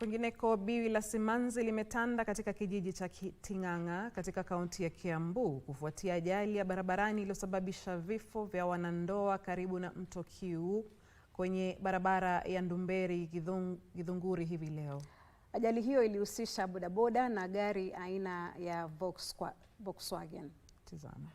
Kwingineko, biwi la simanzi limetanda katika kijiji cha Ting'ang'a katika kaunti ya Kiambu kufuatia ajali ya barabarani iliyosababisha vifo vya wanandoa karibu na mto Kiu kwenye barabara ya Ndumberi Githunguri hivi leo. Ajali hiyo ilihusisha bodaboda na gari aina ya Volkswagen. Tizama.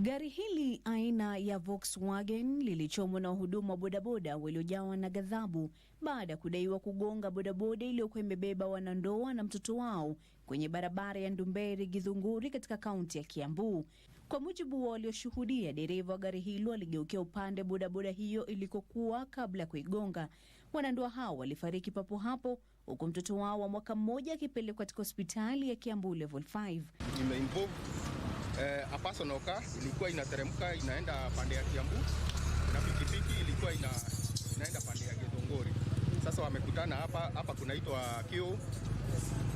Gari hili aina ya Volkswagen lilichomwa na wahudumu wa bodaboda waliojawa na ghadhabu baada ya kudaiwa kugonga bodaboda iliyokuwa imebeba wanandoa na mtoto wao kwenye barabara ya Ndumberi Githunguri katika kaunti ya Kiambu. Kwa mujibu wa walioshuhudia, dereva wa gari hilo aligeukia upande bodaboda hiyo ilikokuwa kabla ya kuigonga. Wanandoa hao walifariki papo hapo, huku mtoto wao wa mwaka mmoja akipelekwa katika hospitali ya Kiambu Level 5 eh, apasonoka ilikuwa inateremka inaenda pande ya Kiambu na pikipiki ilikuwa ina, inaenda pande ya Gedongori. Sasa wamekutana hapa hapa kunaitwa Kiu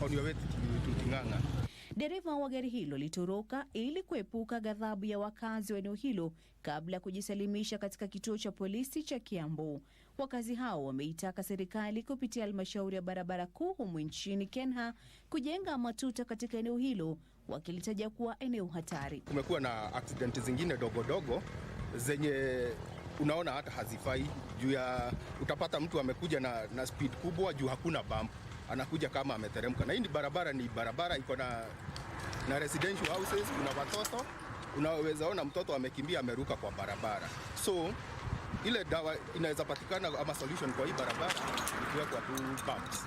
on your way to Ting'ang'a. Dereva wa gari hilo litoroka ili kuepuka ghadhabu ya wakazi wa eneo hilo kabla ya kujisalimisha katika kituo cha polisi cha Kiambu. Wakazi hao wameitaka serikali kupitia halmashauri ya barabara kuu humu nchini KENHA kujenga matuta katika eneo hilo, wakilitaja kuwa eneo hatari. Kumekuwa na aksidenti zingine dogodogo zenye unaona hata hazifai juu ya utapata mtu amekuja na, na speed kubwa juu hakuna bump anakuja kama ameteremka. Na hii ni barabara, ni barabara iko na na residential houses, kuna watoto unaweza ona mtoto amekimbia ameruka kwa barabara. So ile dawa inaweza patikana ama solution kwa hii barabara ni kuwekwa tu pumps.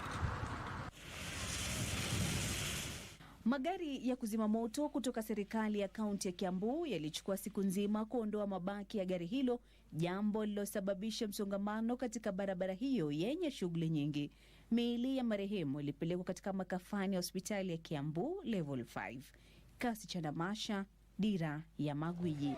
Magari ya kuzima moto kutoka serikali ya kaunti ya Kiambu yalichukua siku nzima kuondoa mabaki ya gari hilo, jambo lililosababisha msongamano katika barabara hiyo yenye shughuli nyingi. Miili ya marehemu ilipelekwa katika makafani ya hospitali ya Kiambu Level 5. Kasi cha namasha Dira ya Magwiji.